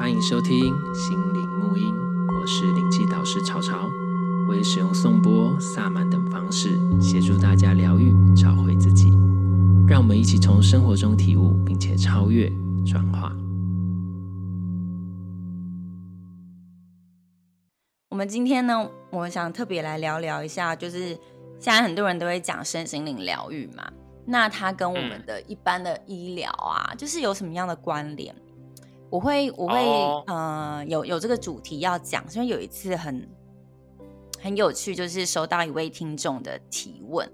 歡迎收聽心靈沐音，我是靈氣導師朝朝。我也使用頌缽、薩滿等方式，協助大家療癒、找回自己。讓我們一起從生活中體悟，並且超越、轉化。我們今天呢，我想特別來聊聊一下，就是現在很多人都會講身心靈療癒嘛，那它跟我們的一般的醫療啊，就是有什麼樣的關聯？我會，我會，oh. 呃，有有這個主題要講。因為有一次很很有趣，就是收到一位聽眾的提問。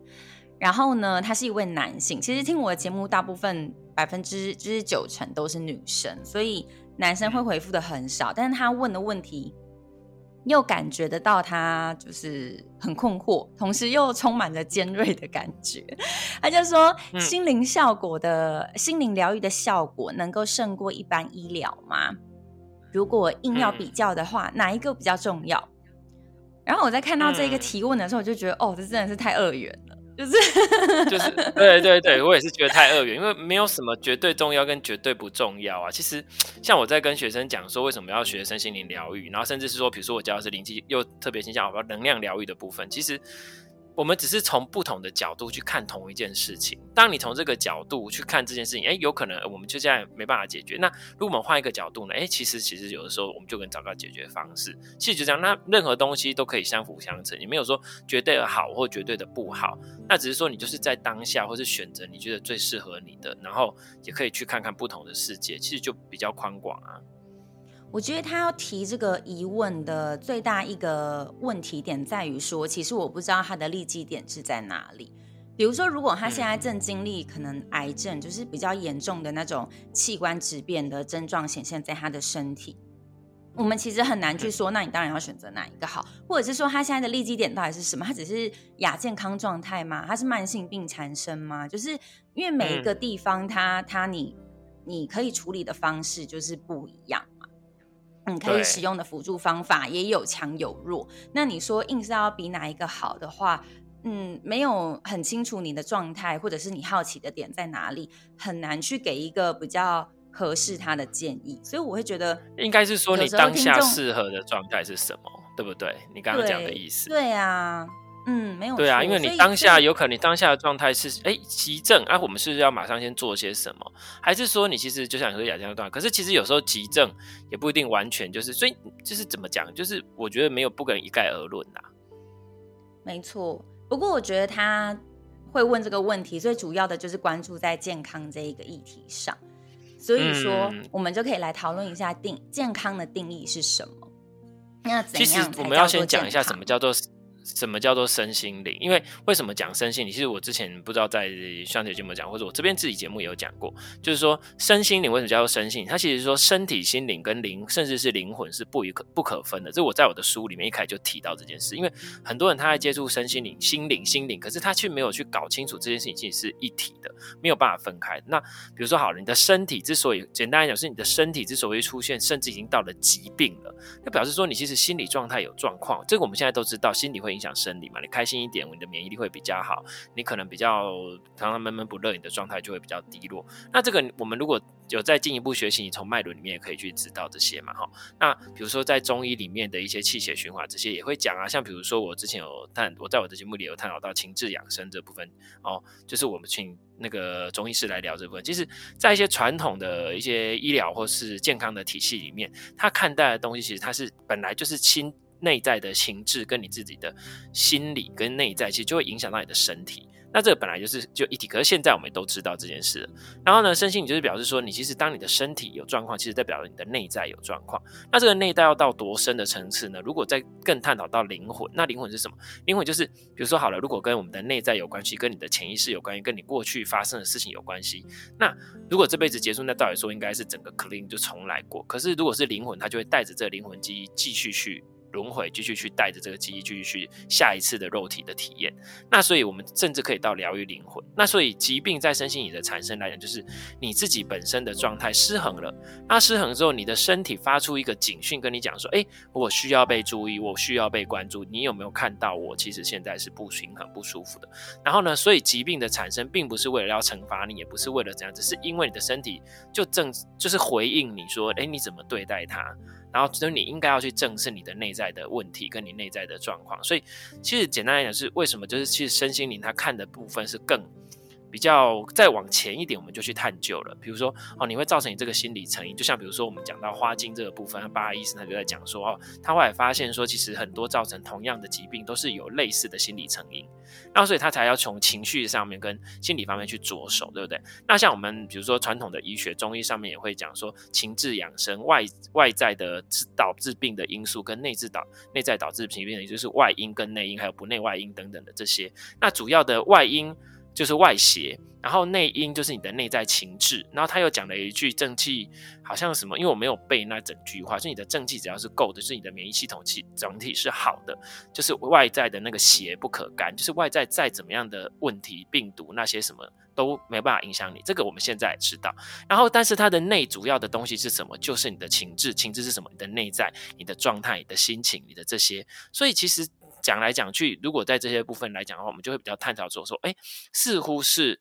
然後呢，他是一位男性。其實聽我的節目，大部分百分之之九成都是女生，所以男生會回復的很少。但是他問的問題。又感覺得到他就是很困惑，同時又充滿着尖銳的感覺。他就說：“嗯、心靈效果的心靈療癒的效果能夠勝過一般醫療嗎？如果硬要比較的話，嗯、哪一個比較重要？”然後我在看到這個提問的時候，我就覺得、嗯、哦，這真的是太二元了。就是 就是，對對對，我也是覺得太二元，因為沒有什麼絕對重要跟絕對不重要啊。其實，像我在跟學生講說，為什麼要學身心靈療癒，然後甚至是說，比如說我教的是靈氣，又特別傾向我要能量療癒的部分，其實。我們只是從不同的角度去看同一件事情。當你從這個角度去看這件事情，誒，有可能我們就這樣沒辦法解決。那如果我們換一個角度呢？誒，其實其實有的時候我們就能找到解決方式。其實就這樣，那任何東西都可以相輔相成，也沒有說絕對的好或絕對的不好。那只是說你就是在當下或是選擇你覺得最適合你的，然後也可以去看看不同的世界，其實就比較寬廣啊。我覺得他要提這個疑問的最大一個問題點在於說，其實我不知道他的立基點是在哪裡。比如說，如果他現在正經歷、嗯、可能癌症，就是比較嚴重的那種器官質變的症狀，顯現在他的身體，我們其實很難去說。那你當然要選擇哪一個好，或者是說他現在的立基點到底是什麼？他只是亞健康狀態嗎？他是慢性病產生嗎？就是因為每一個地方他、嗯，他他你你可以處理的方式就是不一樣。你可以使用的輔助方法也有強有弱。那你說硬是要比哪一個好的話，嗯，沒有很清楚你的狀態，或者是你好奇的點在哪裡，很難去給一個比較合適他的建議。所以我會覺得，應該是說你當下適合的狀態是什麼，嗯、對不對？你剛剛講的意思，對，對啊。嗯，沒有對啊，因為你當下有可能你當下的狀態是哎、欸、急症、嗯、啊，我們是不是要馬上先做些什麼？還是說你其實就想說亞健康？可是其實有時候急症也不一定完全就是，所以就是怎麼講，就是我覺得沒有不可能一概而論吶、啊。沒錯，不過我覺得他會問這個問題，最主要的就是關注在健康這一個議題上，所以說、嗯、我們就可以來討論一下定健康的定義是什麼。那其實我們要先講一下什麼叫做。什麼叫做身心靈？因為為什麼講身心靈？其實我之前不知道在上節節目講，或者我這邊自己節目也有講過，就是說身心靈為什麼叫做身心靈？它其實說身體、心靈跟靈，甚至是靈魂是不一可不可分的。這是我在我的書裡面一開始就提到這件事，因為很多人他在接觸身心靈、心靈、心靈，可是他卻沒有去搞清楚這件事情其實是一體的，沒有辦法分開。那比如說好了，你的身體之所以簡單來講是你的身體之所以出現，甚至已經到了疾病了，那表示說你其實心理狀態有狀況。這個我們現在都知道，心理會。影響生理嘛，你開心一點，你的免疫力會比較好。你可能比較常常悶悶不樂，你的狀態就會比較低落。那這個我們如果有再進一步學習，你從脈輪裡面也可以去知道這些嘛。哈，那比如說在中醫裡面的一些氣血循環這些也會講啊。像比如說我之前有探，我在我的節目裡有探討到情志養生這部分哦，就是我們請那個中醫師來聊這部分。其實，在一些傳統的一些醫療或是健康的體系裡面，他看待的東西其實它是本來就是親。內在的情志跟你自己的心理跟內在，其實就會影響到你的身體。那這個本來就是就一體。可是現在我們也都知道這件事。然後呢，身心靈就是表示說，你其實當你的身體有狀況，其實代表了你的內在有狀況。那這個內在要到多深的層次呢？如果再更探討到靈魂，那靈魂是什麼？靈魂就是，比如說好了，如果跟我們的內在有關係，跟你的潛意識有關係，跟你過去發生的事情有關係。那如果這輩子結束，那照理說應該是整個 clean 就重來過。可是如果是靈魂，它就會帶着這個靈魂記憶繼續去。輪迴，繼續去帶着這個記憶繼續去下一次的肉體的體驗。那所以我們甚至可以到療癒靈魂。那所以疾病在身心靈的產生來講，就是你自己本身的狀態失衡了。那失衡之後，你的身體發出一個警訊，跟你講說：“誒，我需要被注意，我需要被關注。”你有沒有看到我？其實現在是不平衡、不舒服的。然後呢，所以疾病的產生並不是為了要懲罰你，也不是為了怎樣，只是因為你的身體就正就是回應你說：“誒，你怎麼對待它？”然後就是你應該要去正視你的內在的問題跟你內在的狀況，所以其實簡單來講是為什麼？就是其實身心靈它看的部分是更。比較再往前一點，我們就去探究了。比如說，哦，你會造成你這個心理成因，就像比如說我們講到花精這個部分，巴哈醫生他就在講說，哦，他後來發現說，其實很多造成同樣的疾病都是有類似的心理成因，那所以他才要從情緒上面跟心理方面去着手，對不對？那像我們比如說傳統的醫學、中醫上面也會講說，情志養生，外外在的導致病的因素跟內在導內在導致疾病的因素，也就是外因跟內因，還有不內外因等等的這些，那主要的外因。就是外邪，然後內因就是你的內在情志。然後他又講了一句正氣，好像什麼，因為我沒有背那整句話，就你的正氣只要是夠的，就是你的免疫系統其整體是好的，就是外在的那個邪不可干，就是外在再怎麼樣的問題、病毒那些什麼都沒辦法影響你。這個我們現在也知道。然後，但是它的內主要的東西是什麼？就是你的情志，情志是什麼？你的內在、你的狀態、你的心情、你的這些，所以其實。講來講去，如果在這些部分來講的話，我們就會比較探討說，說，說，哎，似乎是，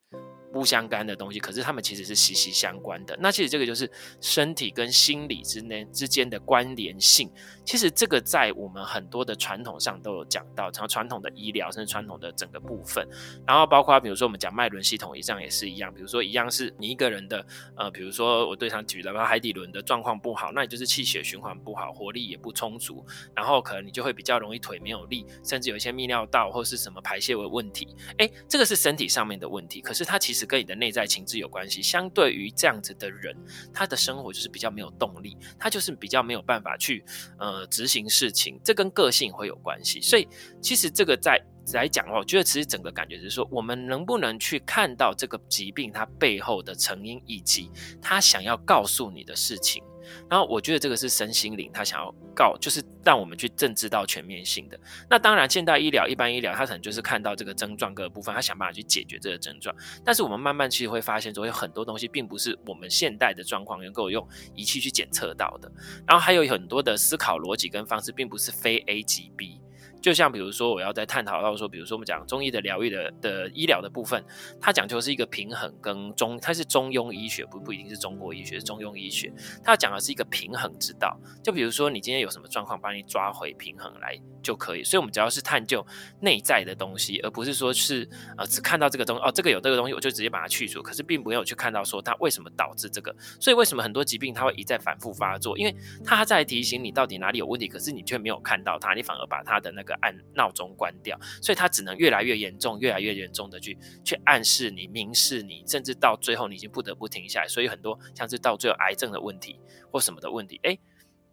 不相干的東西，可是他們其實是息息相關的。那其實這個就是身體跟心理之內之間的關聯性。其實這個在我們很多的傳統上都有講到，然後傳統的醫療，甚至傳統的整個部分，然後包括比如說我們講脈輪系統，以上也是一樣。比如說一樣是你一個人的，呃，比如說我最常舉的，海底輪的狀況不好，那你就是氣血循環不好，活力也不充足，然後可能你就會比較容易腿沒有力，甚至有一些泌尿道或是什麼排泄的問題誒。這個是身體上面的問題，可是它其實。跟你的內在情志有關係。相對於這樣子的人，他的生活就是比較沒有動力，他就是比較沒有辦法去呃執行事情，這跟個性會有關係。所以其實這個在來講哦，我覺得其實整個感覺就是說，我們能不能去看到這個疾病它背後的成因以及他想要告訴你的事情。然後我覺得這個是身心靈，他想要告，就是讓我們去認知到全面性的。那當然，現代醫療、一般醫療，他可能就是看到這個症狀各個部分，他想辦法去解決這個症狀。但是我們慢慢其實會發現，說有很多東西並不是我們現代的狀況能夠用儀器去檢測到的。然後還有很多的思考邏輯跟方式，並不是非 A 即 B。就像比如說，我要在探討到說，比如說我們講中醫的療癒的的醫療的部分，它講究是一個平衡跟中，它是中庸醫學，不不一定是中國醫學，是中庸醫學，它講的是一個平衡之道。就比如說你今天有什麼狀況，把你抓回平衡來就可以。所以，我們只要是探究內在的東西，而不是說是呃只看到這個東西哦，這個有這個東西，我就直接把它去除。可是並沒有去看到說它為什麼導致這個。所以，為什麼很多疾病它會一再反覆發作？因為它在提醒你到底哪裡有問題，可是你卻沒有看到它，你反而把它的那個。按鬧鐘關掉，所以他只能越來越嚴重，越來越嚴重的去去暗示你，明示你，甚至到最後你已經不得不停下來。所以很多像是到最後癌症的問題或什麼的問題，哎，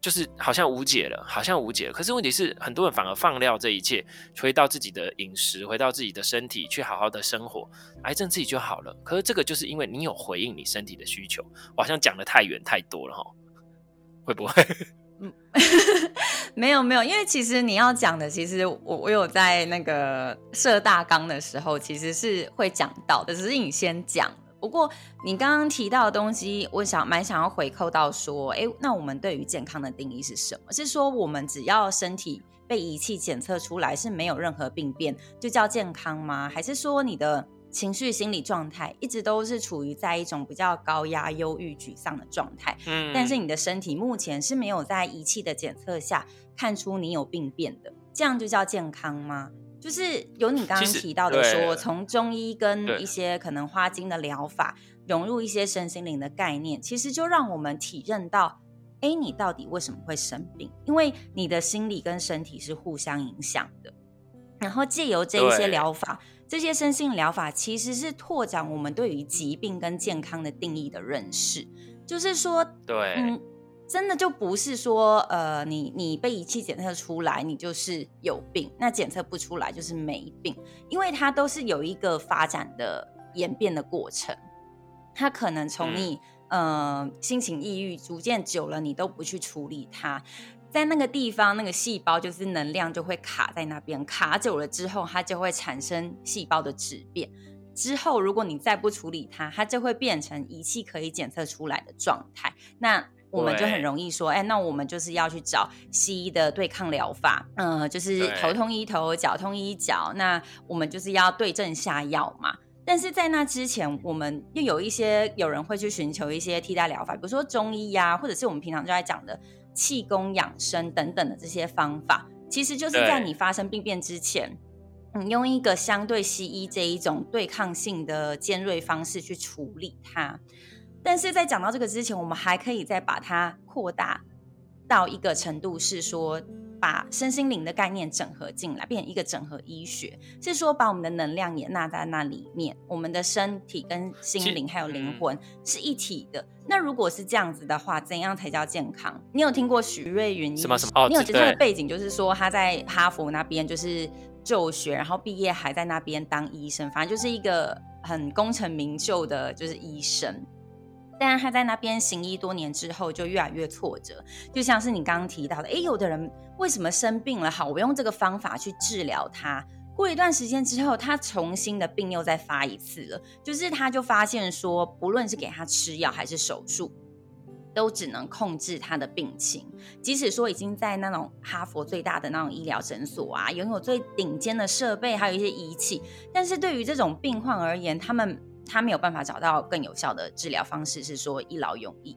就是好像無解了，好像無解了。可是問題是，很多人反而放掉這一切，回到自己的飲食，回到自己的身體，去好好的生活，癌症自己就好了。可是這個就是因為你有回應你身體的需求。我好像講的太遠太多了吼，會不會？ 沒有沒有，因為其實你要講的，其實我我有在那個設大綱的時候，其實是會講到的，只是你先講。不過你剛剛提到的東西，我想蠻想要回扣到說，哎，那我們對於健康的定義是什麼？是說我們只要身體被儀器檢測出來是沒有任何病變，就叫健康嗎？還是說你的？情緒、心理狀態一直都是處於在一種比較高壓、憂鬱、沮喪的狀態。嗯，但是你的身體目前是沒有在儀器的檢測下看出你有病變的，這樣就叫健康嗎？就是由你剛剛提到的說，說從中醫跟一些可能花精的療法融入一些身心靈的概念，其實就讓我們體認到，哎，你到底為什麼會生病？因為你的心理跟身體是互相影響的。然後借由這一些療法。這些身心療法其實是拓展我們對於疾病跟健康的定義的認識，就是說，對，嗯，真的就不是說，呃，你你被儀器檢測出來，你就是有病，那檢測不出來就是沒病，因為它都是有一個發展的演變的過程，它可能從你、嗯、呃心情抑鬱，逐漸久了，你都不去處理它。在那個地方，那個細胞就是能量就會卡在那邊，卡久了之後，它就會產生細胞的質變。之後，如果你再不處理它，它就會變成儀器可以檢測出來的狀態。那我們就很容易說，哎，那我們就是要去找西醫的對抗療法，嗯、呃，就是頭痛醫頭，腳痛醫腳。那我們就是要對症下藥嘛。但是在那之前，我們又有一些有人會去尋求一些替代療法，比如說中醫呀、啊，或者是我們平常就在講的。氣功養生等等的這些方法，其實就是在你發生病變之前，你用一個相對西醫這一種對抗性的尖銳方式去處理它。但是在講到這個之前，我們還可以再把它擴大到一個程度，是說。把身心靈的概念整合進來，變成一個整合醫學，是說把我們的能量也納在那裡面。我們的身體跟心靈還有靈魂是一體的、嗯。那如果是這樣子的話，怎樣才叫健康？你有聽過許瑞云？什麼什麼？你有覺得他的背景，就是說他在哈佛那邊就是就學，然後畢業還在那邊當醫生，反正就是一個很功成名就的，就是醫生。但是他在那邊行醫多年之後，就越來越挫折。就像是你剛剛提到的，哎、欸，有的人為什麼生病了？好，我用這個方法去治療他，過一段時間之後，他重新的病又再發一次了。就是他就發現說，不論是給他吃藥還是手術，都只能控制他的病情。即使說已經在那種哈佛最大的那種醫療診所啊，擁有最頂尖的設備，還有一些儀器，但是對於這種病患而言，他們。他沒有辦法找到更有效的治療方式，是說一勞永逸。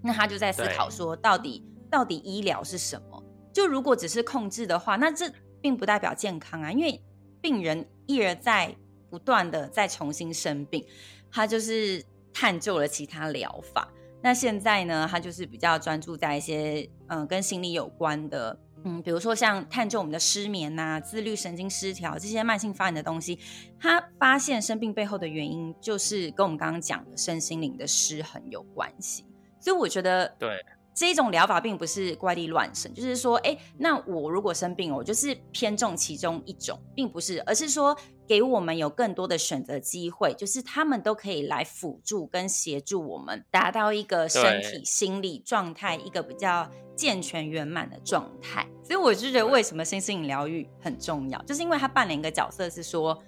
那他就在思考說到，到底到底醫療是什麼？就如果只是控制的話，那這並不代表健康啊，因為病人一而再不斷的在重新生病。他就是探究了其他療法。那現在呢，他就是比較專注在一些嗯、呃、跟心理有關的。嗯，比如說像探究我們的失眠吶、啊、自律神經失調，這些慢性發炎的東西，他發現生病背後的原因就是跟我們剛剛講的身心靈的失衡有關係，所以我覺得對。這一種療法並不是怪力亂神，就是說，哎、欸，那我如果生病我就是偏重其中一種，並不是，而是說給我們有更多的選擇機會，就是他們都可以來輔助跟協助我們，達到一個身體心理狀態一個比較健全圓滿的狀態。所以我就覺得，為什麼身心靈療癒很重要、嗯，就是因為它扮演一個角色，是說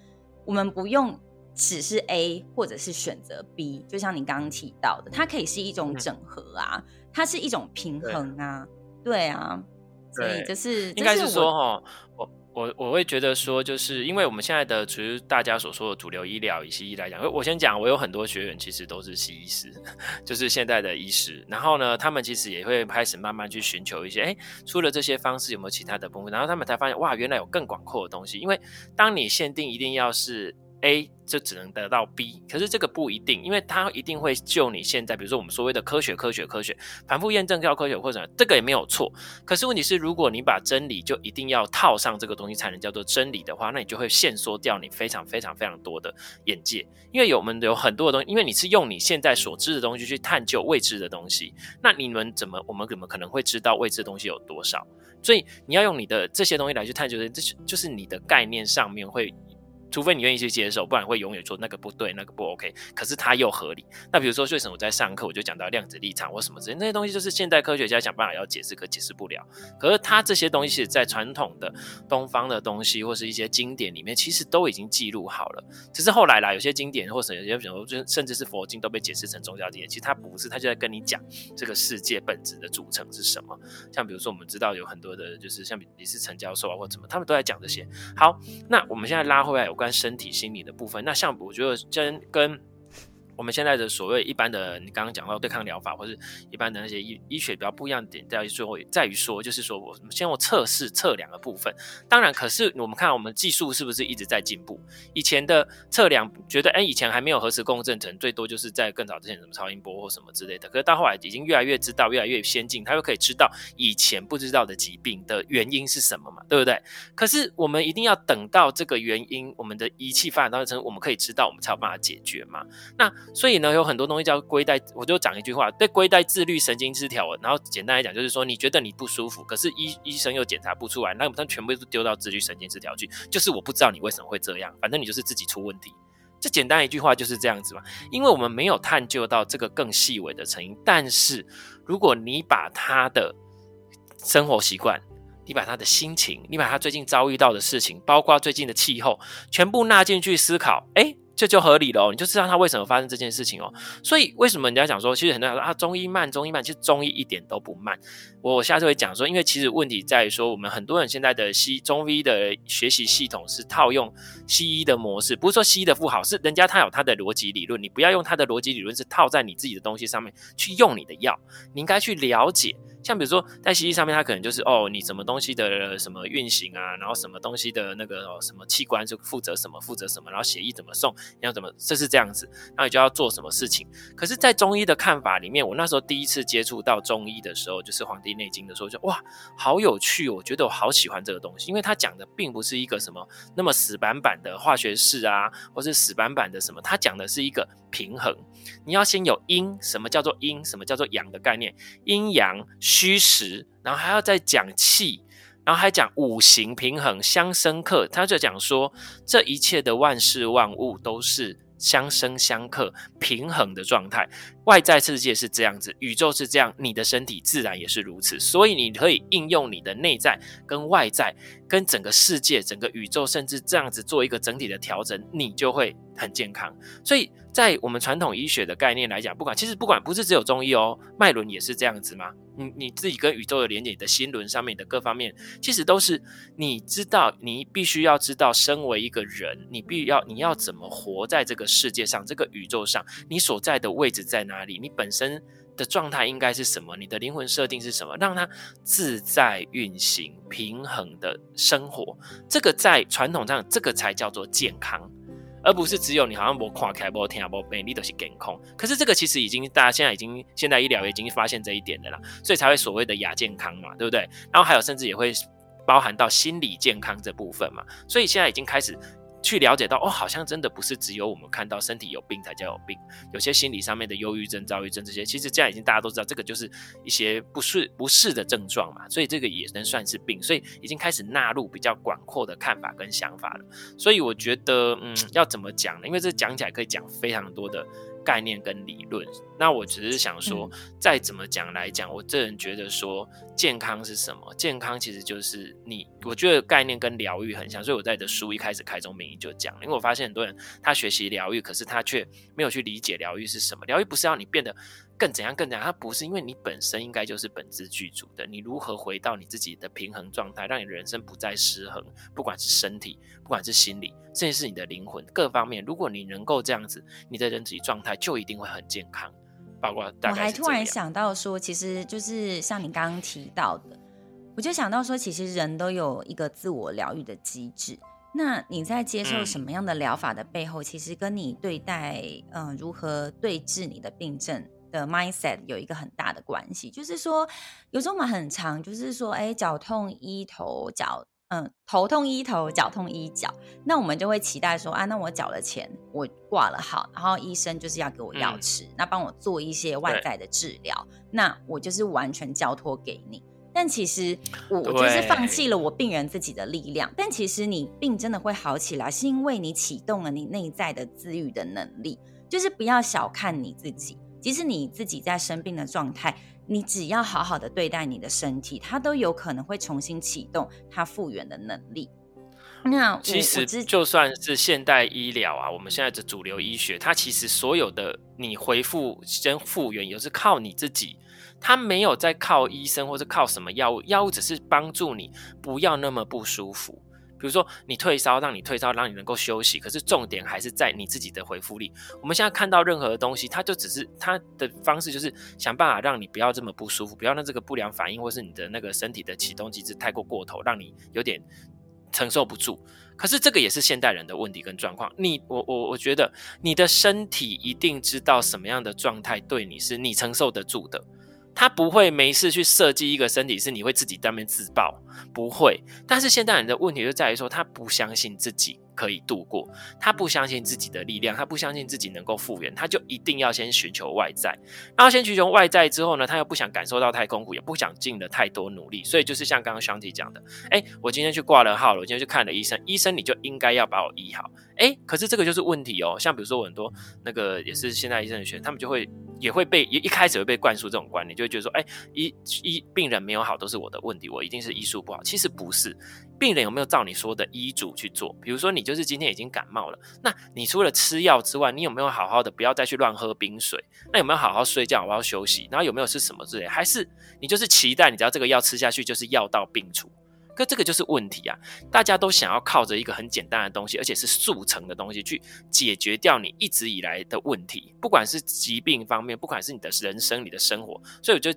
我們不用只是 A 或者是選擇 B，就像你剛剛提到的，它可以是一種整合啊。嗯它是一種平衡啊，對，對啊，所以就是，是應該是說哈，我我我會覺得說，就是因為我們現在的，其實大家所說的主流醫療以西醫來講，我我先講，我有很多學員其實都是西醫師，就是現在的醫師，然後呢，他們其實也會開始慢慢去尋求一些，哎、欸，除了這些方式有沒有其他的部分，然後他們才發現哇，原來有更廣闊的東西，因為當你限定一定要是。A 就只能得到 B，可是這個不一定，因為它一定會就你現在，比如說我們所謂的科學、科學、科學，反覆驗證叫科學，或者什麼，這個也沒有錯。可是問題是，如果你把真理就一定要套上這個東西才能叫做真理的話，那你就會限縮掉你非常非常非常多的眼界，因為有我們有很多的東西，因為你是用你現在所知的東西去探究未知的東西，那你們怎麼我們怎麼可能會知道未知的東西有多少？所以你要用你的這些東西來去探究，的，這是就是你的概念上面會。除非你願意去接受，不然會永遠說那個不對，那個不 OK。可是它又合理。那比如說，最近我在上課，我就講到量子力場或什麼之類，那些東西就是現代科學家想辦法要解釋，可解釋不了。可是它這些東西是在傳統的東方的東西或是一些經典裡面，其實都已經記錄好了。只是後來啦，有些經典或甚至有些甚至，是佛經都被解釋成宗教經典，其實它不是，它就在跟你講這個世界本質的組成是什麼。像比如說，我們知道有很多的，就是像李嗣涔教授啊或什麼，他們都在講這些。好，那我們現在拉回來。關身體、心理的部分，那像我覺得真跟。我們現在的所謂一般的，你剛剛講到對抗療法，或者一般的那些醫醫學比較不一樣的點，在於最後在於說，就是說我先用測試測量的部分。當然，可是我們看我們技術是不是一直在進步？以前的測量覺得，哎，以前還沒有核磁共振，可能最多就是在更早之前什麼超音波或什麼之類的。可是到後來已經越來越知道，越來越先進，它又可以知道以前不知道的疾病的原因是什麼嘛，對不對？可是我們一定要等到這個原因，我們的儀器發展到一定程度，我們可以知道，我們才有辦法解決嘛。那所以呢，有很多東西叫歸帶，我就講一句話，對歸帶，自律神經失調。然後簡單來講，就是說你覺得你不舒服，可是醫醫生又檢查不出來，那我們全部都丟到自律神經失調去，就是我不知道你為什麼會這樣，反正你就是自己出問題。這簡單一句話就是這樣子嘛，因為我們沒有探究到這個更細微的成因。但是如果你把他的生活習慣，你把他的心情，你把他最近遭遇到的事情，包括最近的氣候，全部納進去思考，哎、欸。這就合理了哦，你就知道他為什麼發生這件事情哦。所以為什麼人家講說，其實很多人說啊，中醫慢，中醫慢，其實中醫一點都不慢。我下次會講說，因為其實問題在於說，我們很多人現在的西中醫的學習系統是套用西醫的模式，不是說西醫的不好，是人家他有他的邏輯理論，你不要用他的邏輯理論是套在你自己的東西上面去用你的藥，你應該去了解。像比如說在西醫上面，它可能就是哦，你什麼東西的什麼運行啊，然後什麼東西的那個什麼器官就負責什麼負責什麼，然後血液怎麼送，你要怎麼，這是這樣子，然後你就要做什麼事情。可是，在中醫的看法裡面，我那時候第一次接觸到中醫的時候，就是《黃帝內經》的時候，就哇，好有趣，我覺得我好喜歡這個東西，因為它講的並不是一個什麼那麼死板板的化學式啊，或是死板板的什麼，它講的是一個。平衡，你要先有陰，什麼叫做陰？什麼叫做陽的概念？陰陽、虛實，然後還要再講氣，然後還講五行平衡、相生克。他就講說，這一切的萬事萬物都是相生相克、平衡的狀態。外在世界是這樣子，宇宙是這樣，你的身體自然也是如此。所以你可以應用你的內在跟外在，跟整個世界、整個宇宙，甚至這樣子做一個整體的調整，你就會很健康。所以。在我們傳統醫學的概念來講，不管其實不管不是只有中醫哦，脈輪也是這樣子嘛。你你自己跟宇宙的連接，你的心輪上面的各方面，其實都是你知道，你必須要知道，身為一個人，你必要你要怎麼活在這個世界上，這個宇宙上，你所在的位置在哪裡？你本身的狀態應該是什麼？你的靈魂設定是什麼？讓它自在運行、平衡的生活，這個在傳統上，這個才叫做健康。而不是只有你好像沒垮掉、沒痛、沒病，你都是健康，可是這個其實已經大家現在已經現在醫療已經發現這一點的啦，所以才會所謂的亞健康嘛，對不對？然後還有甚至也會包含到心理健康這部分嘛，所以現在已經開始。去了解到哦，好像真的不是只有我們看到身體有病才叫有病，有些心理上面的憂鬱症、躁鬱症這些，其實這樣已經大家都知道，這個就是一些不適不適的症狀嘛，所以這個也能算是病，所以已經開始納入比較廣闊的看法跟想法了。所以我覺得，嗯，要怎麼講呢？因為這講起來可以講非常多的。概念跟理論，那我只是想說，再怎麼講來講、嗯，我這人覺得說健康是什麼？健康其實就是你，我覺得概念跟療癒很像，所以我在的書一開始開宗明義就講，因為我發現很多人他學習療癒，可是他卻沒有去理解療癒是什麼。療癒不是讓你變得。更怎樣，更怎樣？它不是因為你本身應該就是本自具足的，你如何回到你自己的平衡狀態，讓你的人生不再失衡，不管是身體，不管是心理，甚至是你的靈魂各方面，如果你能夠這樣子，你的人體狀態就一定會很健康。包括大家。我還突然想到說，其實就是像你剛剛提到的，我就想到說，其實人都有一個自我療癒的機制。那你在接受什麼樣的療法的背後，其實跟你對待，嗯、呃，如何對治你的病症，的 mindset 有一個很大的關係，就是說，有時候我們很常，就是說，哎、欸，腳痛醫頭腳，嗯，頭痛醫頭，腳痛醫腳，那我們就會期待說，啊，那我繳了錢，我掛了號，然後醫生就是要給我藥吃，嗯、那幫我做一些外在的治療，那我就是完全交托給你。但其實我就是放棄了我病人自己的力量。但其實你病真的會好起來，是因為你啟動了你內在的自愈的能力，就是不要小看你自己。即使你自己在生病的狀態，你只要好好的對待你的身體，它都有可能會重新啟動它復原的能力。那其實就算是現代醫療啊，我們現在的主流醫學，它其實所有的你恢復跟復原，也是靠你自己，它沒有在靠醫生或者靠什麼藥物，藥物只是幫助你不要那麼不舒服。比如說你退燒，讓你退燒，讓你能夠休息。可是重點還是在你自己的回復力。我們現在看到任何的東西，它就只是它的方式，就是想辦法讓你不要這麼不舒服，不要讓這個不良反應，或是你的那個身體的啟動機制太過過頭，讓你有點承受不住。可是這個也是現代人的問題跟狀況。你我我我覺得你的身體一定知道什麼樣的狀態對你是你承受得住的。他不會沒事去設計一個身體，是你會自己當面自爆，不會。但是現在你的問題就在於說，他不相信自己。可以度過，他不相信自己的力量，他不相信自己能夠復原，他就一定要先尋求外在。然後先尋求外在之後呢，他又不想感受到太痛苦，也不想盡了太多努力，所以就是像剛剛 Shanti 講的，誒、欸，我今天去掛了號了，我今天去看了醫生，醫生你就應該要把我醫好。誒、欸，可是這個就是問題哦、喔。像比如說我很多那個也是現在醫生的學生，他們就會也會被一一開始會被灌輸這種觀念，就會覺得說，誒、欸，醫醫病人沒有好都是我的問題，我一定是醫術不好，其實不是。病人有沒有照你說的醫囑去做？比如說，你就是今天已經感冒了，那你除了吃藥之外，你有沒有好好的不要再去亂喝冰水？那有沒有好好睡覺、好好休息？然後有沒有吃什麼之類？還是你就是期待，你只要這個藥吃下去就是藥到病除？可這個就是問題啊！大家都想要靠着一個很簡單的東西，而且是速成的東西，去解決掉你一直以來的問題，不管是疾病方面，不管是你的人生、你的生活。所以，我就。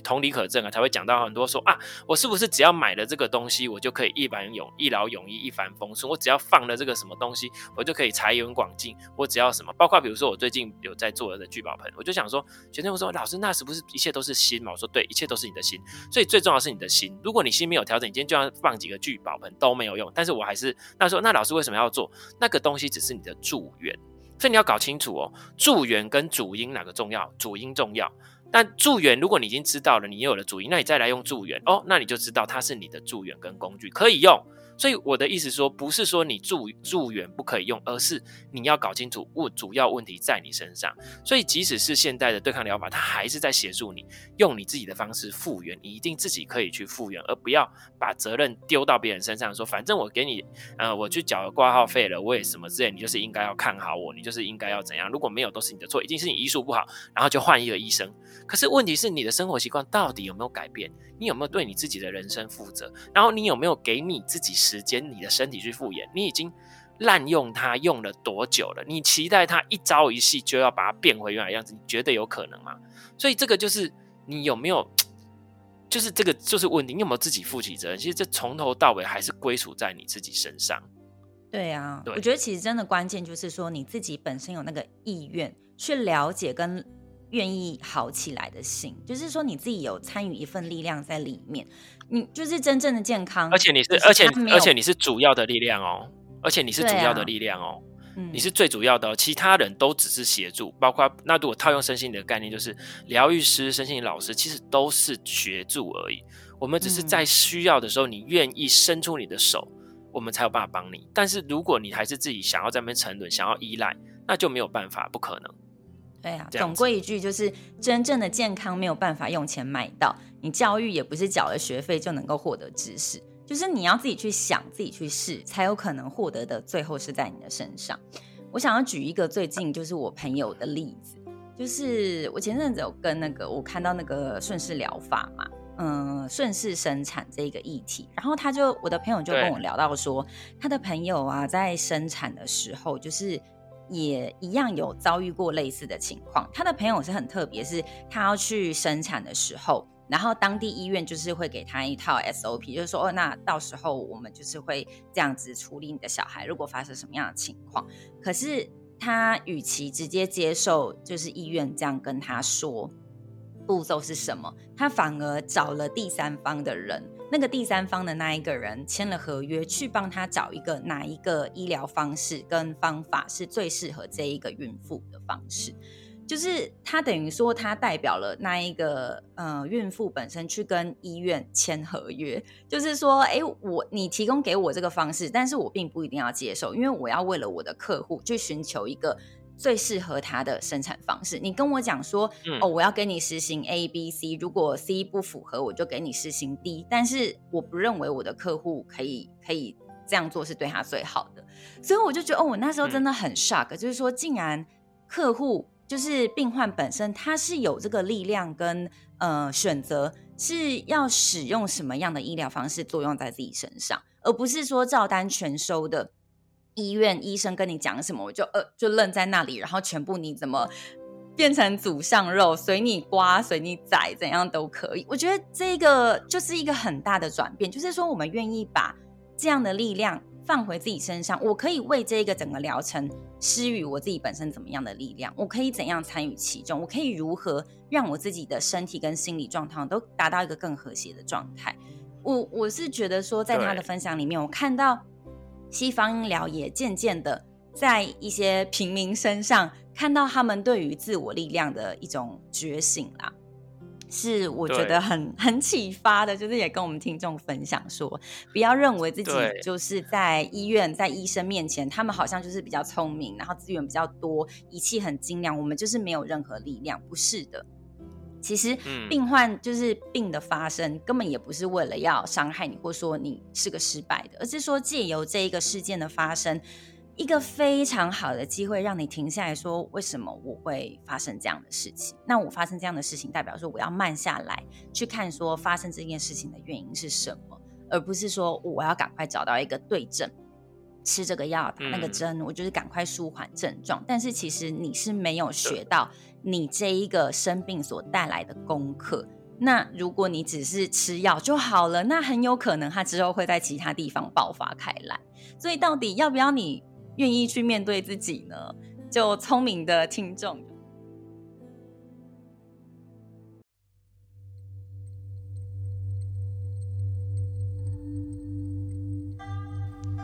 同理可證啊，才會講到很多說啊，我是不是只要買了這個東西，我就可以一板永一勞永逸、一帆風順？我只要放了這個什麼東西，我就可以財源廣進？我只要什麼？包括比如說我最近有在做的聚寶盆，我就想說學生，我說老師，那是不是一切都是心嘛？我說對，一切都是你的心，所以最重要的是你的心。如果你心沒有調整，你今天就要放幾個聚寶盆都沒有用。但是我還是那時候，那老師為什麼要做那個東西？只是你的助緣，所以你要搞清楚哦，助緣跟主因哪個重要？主因重要。那助緣，如果你已經知道了，你也有了主意，那你再來用助緣哦，那你就知道它是你的助緣跟工具，可以用。所以我的意思說，不是說你住住院不可以用，而是你要搞清楚我主要問題在你身上。所以即使是現代的對抗療法，他還是在協助你用你自己的方式復原，你一定自己可以去復原，而不要把責任丟到別人身上，說反正我給你，呃，我去繳了掛號費了，我也什麼之類，你就是應該要看好我，你就是應該要怎樣？如果沒有，都是你的錯，一定是你醫術不好，然後就換一個醫生。可是問題是，你的生活習慣到底有沒有改變？你有沒有對你自己的人生負責？然後你有沒有給你自己？時間，你的身體去復原，你已經濫用它用了多久了？你期待它一朝一夕就要把它變回原來樣子？你覺得有可能嗎？所以這個就是你有沒有，就是這個就是問題，你有沒有自己負起責任？其實這從頭到尾還是歸屬在你自己身上。對啊，對，我覺得其實真的關鍵就是說你自己本身有那個意願去了解跟。願意好起來的心，就是說你自己有參與一份力量在裡面，你就是真正的健康。而且你是，是而且而且你是主要的力量哦，而且你是主要的力量哦，啊、你是最主要的、哦嗯，其他人都只是協助。包括那如果套用身心靈的概念，就是療癒師、身心靈老師，其實都是協助而已。我們只是在需要的時候，嗯、你願意伸出你的手，我們才有辦法幫你。但是如果你還是自己想要在那邊沉淪，想要依賴，那就沒有辦法，不可能。對啊，總歸一句，就是真正的健康沒有辦法用錢買到。你教育也不是繳了學費就能夠獲得知識，就是你要自己去想，自己去試，才有可能獲得的。最後是在你的身上。我想要舉一個最近就是我朋友的例子，就是我前陣子有跟那個我看到那個順勢療法嘛，嗯、呃，順勢生產這個議題，然後他就我的朋友就跟我聊到說，他的朋友啊在生產的時候就是。也一樣有遭遇過類似的情況，他的朋友是很特別，是他要去生產的時候，然後當地醫院就是會給他一套 SOP，就是說，哦，那到時候我們就是會這樣子處理你的小孩，如果發生什麼樣的情況。可是他與其直接接受，就是醫院這樣跟他說步驟是什麼，他反而找了第三方的人。那個第三方的那一個人簽了合約，去幫他找一個哪一個醫療方式跟方法是最適合這一個孕婦的方式，就是他等於說他代表了那一個呃孕婦本身去跟醫院簽合約，就是說，哎、欸，我你提供給我這個方式，但是我並不一定要接受，因為我要為了我的客戶去尋求一個。最適合他的生產方式。你跟我講說，嗯，哦，我要跟你實行 A、B、C，如果 C 不符合，我就給你實行 D。但是我不認為我的客戶可以可以這樣做是對他最好的。所以我就覺得，哦，我那時候真的很 shock，嗯，就是說，竟然客戶就是病患本身，他是有這個力量跟呃選擇，是要使用什麼樣的醫療方式作用在自己身上，而不是說照單全收的。醫院醫生跟你講什麼，我就呃就愣在那裡，然後全部你怎麼變成俎上肉，隨你刮隨你宰，怎樣都可以。我覺得這個就是一個很大的轉變，就是說我們願意把這樣的力量放回自己身上。我可以為這個整個療程施予我自己本身怎麼樣的力量，我可以怎樣參與其中，我可以如何讓我自己的身體跟心理狀況都達到一個更和諧的狀態。我我是覺得說，在他的分享裡面，我看到。西方醫療也漸漸的在一些平民身上看到他們對於自我力量的一種覺醒啦，是我覺得很很啟發的。就是也跟我們聽眾分享說，不要認為自己就是在醫院在醫生面前，他們好像就是比較聰明，然後資源比較多，儀器很精良，我們就是沒有任何力量。不是的。其實，病患就是病的發生，根本也不是為了要傷害你，或說你是個失敗的，而是說借由這一個事件的發生，一個非常好的機會讓你停下來說，為什麼我會發生這樣的事情？那我發生這樣的事情，代表說我要慢下來，去看說發生這件事情的原因是什麼，而不是說我要趕快找到一個對症。吃這個藥，打那個針，我、嗯、就是趕快舒緩症狀。但是其實你是沒有學到你這一個生病所帶來的功課。那如果你只是吃藥就好了，那很有可能它之後會在其他地方爆發開來。所以到底要不要你願意去面對自己呢？就聰明的聽眾。